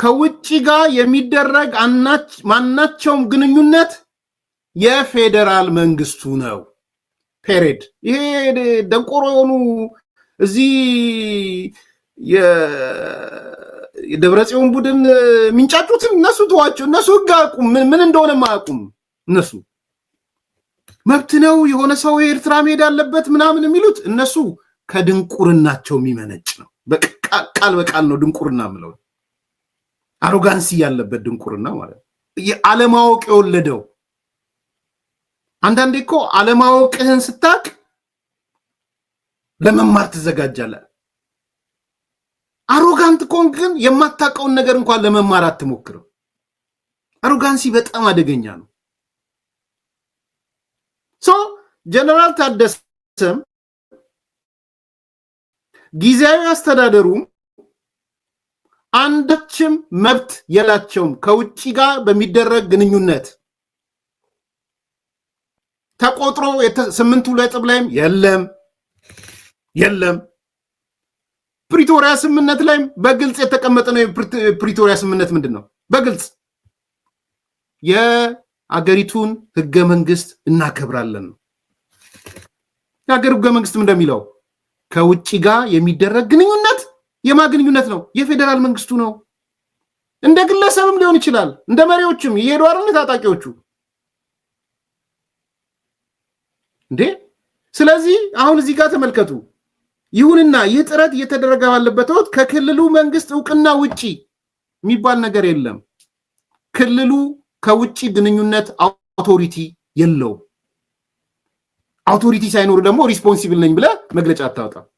ከውጭ ጋር የሚደረግ ማናቸውም ግንኙነት የፌዴራል መንግስቱ ነው። ፔሬድ። ይሄ ደንቆሮ የሆኑ እዚህ የደብረጽዮን ቡድን የሚንጫጩትን እነሱ ተዋቸው። እነሱ ህግ አያውቁም፣ ምን እንደሆነ አያውቁም። እነሱ መብት ነው የሆነ ሰው የኤርትራ መሄድ ያለበት ምናምን የሚሉት እነሱ ከድንቁርናቸው የሚመነጭ ነው። ቃል በቃል ነው ድንቁርና ምለው አሮጋንሲ ያለበት ድንቁርና ማለት ነው። አለማወቅ የወለደው አንዳንዴ እኮ አለማወቅህን ስታቅ ለመማር ትዘጋጃለህ። አሮጋንት ኮን ግን የማታውቀውን ነገር እንኳን ለመማር አትሞክርም። አሮጋንሲ በጣም አደገኛ ነው። ሶ ጀነራል ታደሰም ጊዜያዊ አስተዳደሩም አንዳችም መብት የላቸውም ከውጭ ጋር በሚደረግ ግንኙነት ተቆጥሮ ስምንቱ ነጥብ ላይም የለም የለም። ፕሪቶሪያ ስምምነት ላይም በግልጽ የተቀመጠ ነው። የፕሪቶሪያ ስምምነት ምንድን ነው? በግልጽ የአገሪቱን ህገ መንግስት እናከብራለን ነው። የሀገር ህገ መንግስትም እንደሚለው ከውጭ ጋር የሚደረግ ግንኙነት የማግንኙነት ነው የፌዴራል መንግስቱ ነው። እንደ ግለሰብም ሊሆን ይችላል። እንደ መሪዎችም የሄዱ አይደል ታጣቂዎቹ እንዴ። ስለዚህ አሁን እዚህ ጋር ተመልከቱ። ይሁንና ይህ ጥረት እየተደረገ ባለበት ወቅት ከክልሉ መንግስት እውቅና ውጪ የሚባል ነገር የለም። ክልሉ ከውጭ ግንኙነት አውቶሪቲ የለውም። አውቶሪቲ ሳይኖር ደግሞ ሪስፖንሲብል ነኝ ብለህ መግለጫ አታወጣም።